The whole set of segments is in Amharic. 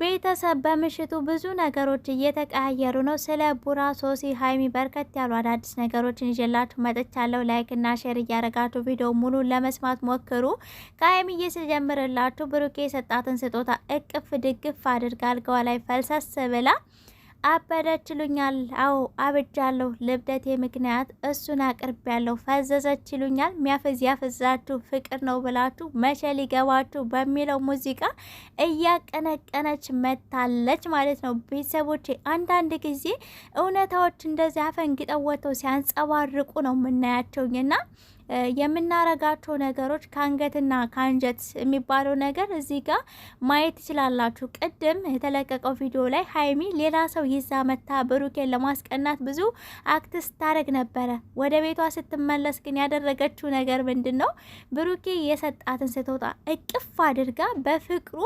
ቤተሰብ በምሽቱ ብዙ ነገሮች እየተቀያየሩ ነው። ስለ ቡራ፣ ሶሲ፣ ሀይሚ በርከት ያሉ አዳዲስ ነገሮችን ይዤላችሁ መጥቻለሁ። ላይክ እና ሼር እያደረጋችሁ ቪዲዮ ሙሉ ለመስማት ሞክሩ። ከሀይሚ እየስጀምርላችሁ ብሩኬ የሰጣትን ስጦታ እቅፍ ድግፍ አድርጋ አልጋዋ ላይ ፈልሰስ ብላ አበደችሉኛል። አዎ አብጃለሁ። ልብደቴ ምክንያት እሱን አቅርቤያለሁ። ፈዘዘችሉኛል። ሚያፈዝ ያፈዛችሁ ፍቅር ነው ብላችሁ መቼ ሊገባችሁ በሚለው ሙዚቃ እያቀነቀነች መታለች ማለት ነው። ቤተሰቦች አንዳንድ ጊዜ እውነታዎች እንደዚህ አፈንግጠው ወጥተው ሲያንጸባርቁ ነው የምናያቸውና የምናረጋቸው ነገሮች ከአንገትና ከአንጀት የሚባለው ነገር እዚህ ጋር ማየት ትችላላችሁ። ቅድም የተለቀቀው ቪዲዮ ላይ ሀይሚ ሌላ ሰው ይዛ መታ ብሩኬን ለማስቀናት ብዙ አክት ስታደርግ ነበረ። ወደ ቤቷ ስትመለስ ግን ያደረገችው ነገር ምንድን ነው? ብሩኬ የሰጣትን ስትወጣ እቅፍ አድርጋ በፍቅሩ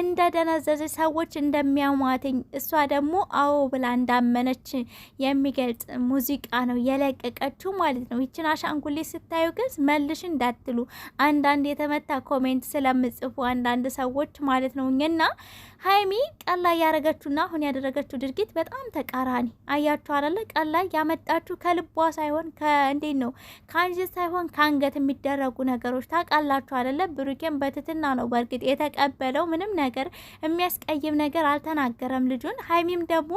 እንደደነዘዘች ሰዎች እንደሚያሟትኝ እሷ ደግሞ አዎ ብላ እንዳመነች የሚገልጽ ሙዚቃ ነው የለቀቀችው ማለት ነው። ይችን አሻንጉሌ ስታዩ ግን መልሽ እንዳትሉ አንዳንድ የተመታ ኮሜንት ስለምጽፉ አንዳንድ ሰዎች ማለት ነው። እና ሀይሚ ቀላይ ላይ ያደረገችውና አሁን ያደረገችው ድርጊት በጣም ተቃራኒ አያችሁ አላለ። ቀላይ ያመጣችሁ ከልቧ ሳይሆን እንዴት ነው ከአንጀት ሳይሆን ከአንገት የሚደረጉ ነገሮች ታውቃላችሁ አላለ። ብሩኬን በትትና ነው በእርግጥ የተቀበለው ምንም ነገር የሚያስቀይም ነገር አልተናገረም ልጁን። ሀይሚም ደግሞ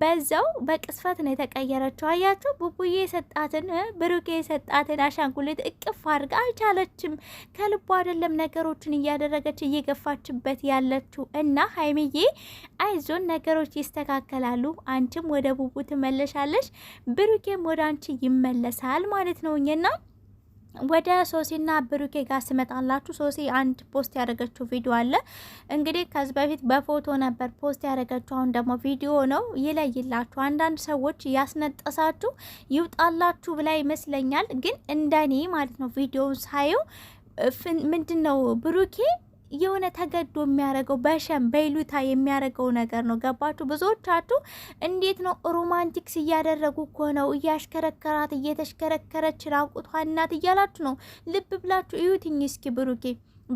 በዛው በቅስፈት ነው የተቀየረችው። አያቸው ቡቡዬ የሰጣትን ብሩኬ የሰጣትን አሻንጉሊት እቅፍ አድርጋ አልቻለችም። ከልቦ አይደለም ነገሮችን እያደረገች እየገፋችበት ያለችው እና ሀይሚዬ አይዞን ነገሮች ይስተካከላሉ። አንቺም ወደ ቡቡ ትመለሻለሽ፣ ብሩኬም ወደ አንቺ ይመለሳል ማለት ነው እኛና ወደ ሶሲና ብሩኬ ጋር ስመጣላችሁ ሶሲ አንድ ፖስት ያደረገችው ቪዲዮ አለ። እንግዲህ ከዚህ በፊት በፎቶ ነበር ፖስት ያደረገችው፣ አሁን ደግሞ ቪዲዮ ነው። ይለይላችሁ። አንዳንድ ሰዎች ያስነጠሳችሁ ይውጣላችሁ ብላ ይመስለኛል፣ ግን እንደኔ ማለት ነው ቪዲዮውን ሳየው ምንድን ነው ብሩኬ የሆነ ተገዶ የሚያደርገው በሸም በይሉታ የሚያደርገው ነገር ነው። ገባችሁ? ብዙዎቻችሁ እንዴት ነው ሮማንቲክስ እያደረጉ እኮ ነው እያሽከረከራት እየተሽከረከረች ራቁቷ እናት እያላችሁ ነው። ልብ ብላችሁ እዩትኝ እስኪ ብሩኬ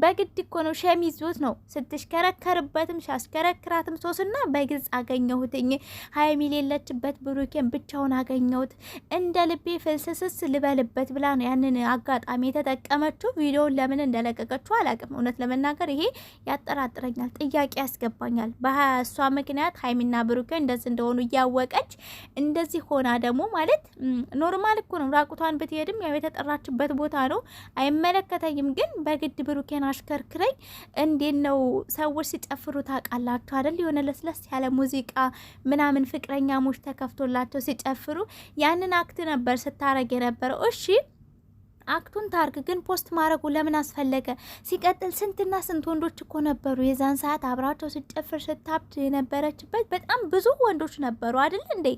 በግድ እኮ ነው ሸሚዞት ነው ስትሽከረከርበትም ሲያሽከረክራትም ሶስና በግልጽ አገኘሁትኝ። ሀይሚ ሌለችበት ብሩኬን ብቻውን አገኘሁት እንደ ልቤ ፍልስስስ ልበልበት ብላ ነው ያንን አጋጣሚ የተጠቀመችው። ቪዲዮውን ለምን እንደለቀቀችው አላቅም። እውነት ለመናገር ይሄ ያጠራጥረኛል፣ ጥያቄ ያስገባኛል። በእሷ ምክንያት ሀይሚና ብሩኬ እንደዚህ እንደሆኑ እያወቀች እንደዚህ ሆና ደግሞ ማለት ኖርማል እኮ ነው። ራቁቷን ብትሄድም ያው የተጠራችበት ቦታ ነው አይመለከተኝም፣ ግን በግድ ብሩኬ እግሬን አሽከርክረኝ። እንዴት ነው ሰዎች ሲጨፍሩ ታውቃላችሁ አይደል? የሆነ ለስለስ ያለ ሙዚቃ ምናምን ፍቅረኛ ሞች ተከፍቶላቸው ሲጨፍሩ ያንን አክት ነበር ስታረግ የነበረው። እሺ አክቱን ታርግ ግን ፖስት ማድረጉ ለምን አስፈለገ? ሲቀጥል ስንትና ስንት ወንዶች እኮ ነበሩ የዛን ሰዓት አብራቸው ስጨፍር ስታብድ የነበረችበት በጣም ብዙ ወንዶች ነበሩ አይደል እንዴ?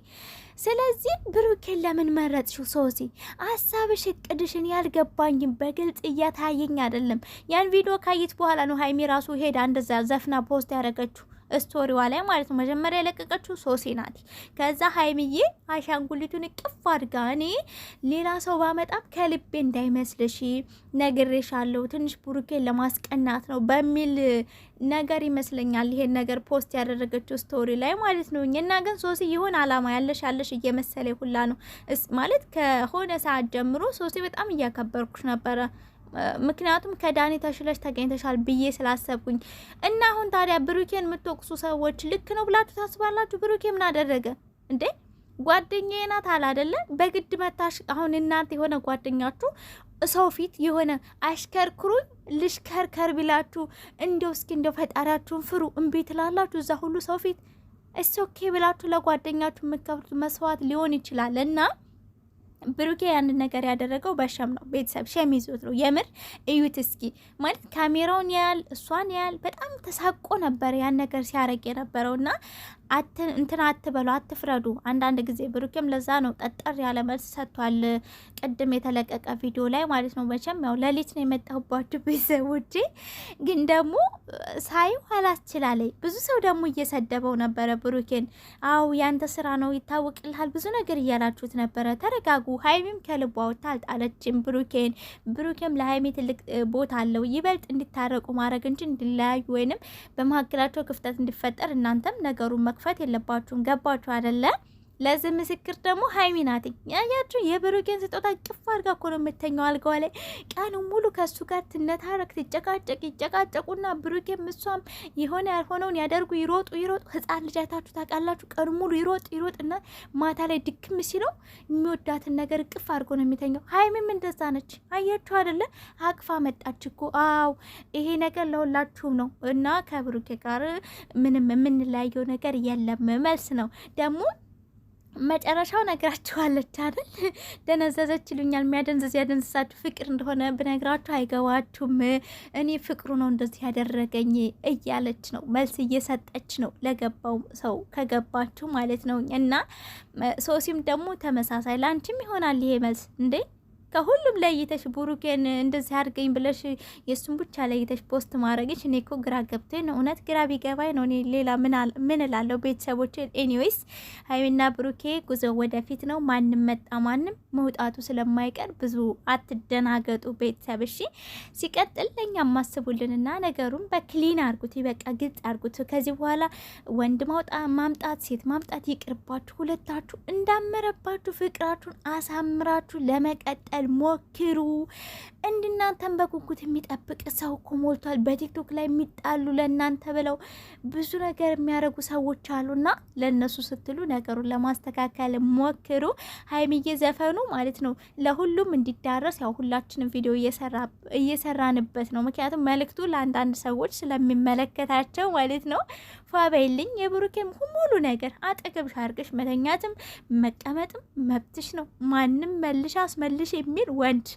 ስለዚህ ብሩኬን ለምን መረጥሽው? ሶሲ ሀሳብሽ፣ እቅድሽን ያልገባኝም በግልጽ እያታየኝ አይደለም። ያን ቪዲዮ ካየት በኋላ ነው ሀይሚ ራሱ ሄዳ እንደዛ ዘፍና ፖስት ያደረገችው። ስቶሪዋ ላይ ማለት ነው። መጀመሪያ የለቀቀችው ሶሴ ናት። ከዛ ሀይሚዬ አሻንጉሊቱን ቅፍ አድጋ እኔ ሌላ ሰው ባመጣም ከልቤ እንዳይመስልሽ ነግሬሻለሁ፣ ትንሽ ብሩኬን ለማስቀናት ነው በሚል ነገር ይመስለኛል ይሄን ነገር ፖስት ያደረገችው ስቶሪ ላይ ማለት ነው። እና ግን ሶሲ ይሁን አላማ ያለሽ ያለሽ እየመሰለ ሁላ ነው ማለት ከሆነ ሰዓት ጀምሮ ሶሲ በጣም እያከበርኩሽ ነበረ ምክንያቱም ከዳኒ ተሽለሽ ተገኝተሻል ብዬ ስላሰብኩኝ እና አሁን ታዲያ ብሩኬን የምትወቅሱ ሰዎች ልክ ነው ብላችሁ ታስባላችሁ? ብሩኬ ምን አደረገ እንዴ? ጓደኛዬ ናት አለ አይደለ? በግድ መታሽ። አሁን እናንተ የሆነ ጓደኛችሁ ሰው ፊት የሆነ አሽከርክሩኝ ልሽከርከር ቢላችሁ እንደው እስኪ እንደው ፈጣሪያችሁን ፍሩ እምቢ ትላላችሁ እዛ ሁሉ ሰው ፊት እስ ኦኬ ብላችሁ ለጓደኛችሁ የምትከፍሉት መስዋዕት ሊሆን ይችላል እና ብሩኬ ያንን ነገር ያደረገው በሸም ነው። ቤተሰብ ሸም ይዞት ነው። የምር እዩት እስኪ ማለት ካሜራውን ያህል እሷን ያህል በጣም ተሳቆ ነበር ያን ነገር ሲያረግ የነበረው እና እንትን አትበሉ፣ አትፍረዱ። አንዳንድ ጊዜ ብሩኬም ለዛ ነው ጠጠር ያለ መልስ ሰጥቷል፣ ቅድም የተለቀቀ ቪዲዮ ላይ ማለት ነው። መቼም ያው ለሊት ነው የመጣሁባችሁ ቤተሰቦቼ፣ ግን ደግሞ ሳይው አላስችላለኝ። ብዙ ሰው ደግሞ እየሰደበው ነበረ ብሩኬን። አው ያንተ ስራ ነው ይታወቅልሃል፣ ብዙ ነገር እያላችሁት ነበረ። ተረጋጉ ሀይሚም ከልቧ ወታ አልጣለችም ብሩኬን። ብሩኬም ለሀይሚ ትልቅ ቦታ አለው። ይበልጥ እንዲታረቁ ማድረግ እንጂ እንዲለያዩ ወይንም በመካከላቸው ክፍተት እንዲፈጠር እናንተም ነገሩን መክፈት የለባችሁም። ገባችሁ አደለ? ለዚህ ምስክር ደግሞ ሀይሚ ናት። ያያችሁ የብሩኬን ስጦታ ጭፍ አድርጋ እኮ ነው የምተኛው አልጋዋ ላይ ቀኑ ሙሉ ከእሱ ጋር ትነታረክ ትጨቃጨቅ ይጨቃጨቁና ብሩኬም እሷም የሆነ ያልሆነውን ያደርጉ ይሮጡ ይሮጡ። ህፃን ልጅ አይታችሁ ታውቃላችሁ? ቀኑ ሙሉ ይሮጥ ይሮጥ እና ማታ ላይ ድክም ሲለው የሚወዳትን ነገር ቅፍ አድርጎ ነው የሚተኛው። ሀይሚም እንደዛ ነች። አያችሁ አይደለ? አቅፋ መጣች እኮ አው። ይሄ ነገር ለሁላችሁም ነው እና ከብሩኬ ጋር ምንም የምንለያየው ነገር የለም። መልስ ነው ደግሞ መጨረሻው ነግራችኋለች አይደል? ደነዘዘች ይሉኛል። የሚያደንዘዝ ያደንዝሳችሁ ፍቅር እንደሆነ ብነግራችሁ አይገባችሁም። እኔ ፍቅሩ ነው እንደዚህ ያደረገኝ እያለች ነው፣ መልስ እየሰጠች ነው ለገባው ሰው ከገባችሁ ማለት ነው። እና ሶሲም ደግሞ ተመሳሳይ ለአንቺም ይሆናል ይሄ መልስ እንዴ ከሁሉም ለይተሽ ብሩኬን እንደዚህ አድርገኝ ብለሽ የእሱን ብቻ ለይተሽ ፖስት ማድረግሽ እኔ እኮ ግራ ገብቶ ነው። እውነት ግራ ቢገባኝ ነው። እኔ ሌላ ምን እላለሁ? ቤተሰቦች ኤኒዌይስ፣ ሀይሚና ብሩኬ ጉዞ ወደፊት ነው። ማንም መጣ ማንም መውጣቱ ስለማይቀር ብዙ አትደናገጡ ቤተሰብ። እሺ። ሲቀጥል ለእኛ ማስቡልንና ነገሩን በክሊን አርጉት፣ በቃ ግልጽ አርጉት። ከዚህ በኋላ ወንድ ማምጣት ሴት ማምጣት ይቅርባችሁ። ሁለታችሁ እንዳመረባችሁ ፍቅራችሁን አሳምራችሁ ለመቀጠል ለመቀበል ሞክሩ። እንድናንተን በጉጉት የሚጠብቅ ሰው እኮ ሞልቷል። በቲክቶክ ላይ የሚጣሉ ለእናንተ ብለው ብዙ ነገር የሚያደርጉ ሰዎች አሉና ለእነሱ ስትሉ ነገሩን ለማስተካከል ሞክሩ። ሀይሚዬ ዘፈኑ ማለት ነው ለሁሉም እንዲዳረስ ያው ሁላችንም ቪዲዮ እየሰራንበት ነው። ምክንያቱም መልእክቱ ለአንዳንድ ሰዎች ስለሚመለከታቸው ማለት ነው። ፋባይልኝ የብሩኬም ሙሉ ነገር አጠገብሽ ሻርቅሽ መተኛትም መቀመጥም መብትሽ ነው። ማንም መልሽ አስመልሽ የሚል ወንድ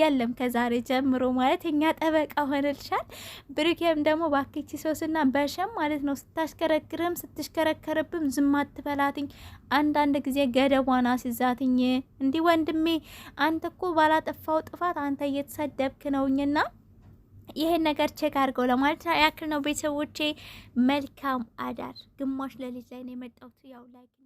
የለም ከዛ ከዛሬ ጀምሮ ማለት የኛ ጠበቃ ሆነልሻል። ብሩኬም ደግሞ ባክቺ ሶስና በሸም ማለት ነው ስታሽከረክርም ስትሽከረከርብም ዝም አትበላትኝ። አንዳንድ ጊዜ ገደቧን አስይዛትኝ። እንዲህ ወንድሜ አንተ እኮ ባላጠፋው ጥፋት አንተ እየተሰደብክ ነውኝና ይህን ነገር ቼክ አድርገው ለማለት ያክል ነው። ቤተሰቦቼ መልካም አዳር። ግማሽ ለሊት ላይ ነው የመጣሁት ያው ላይ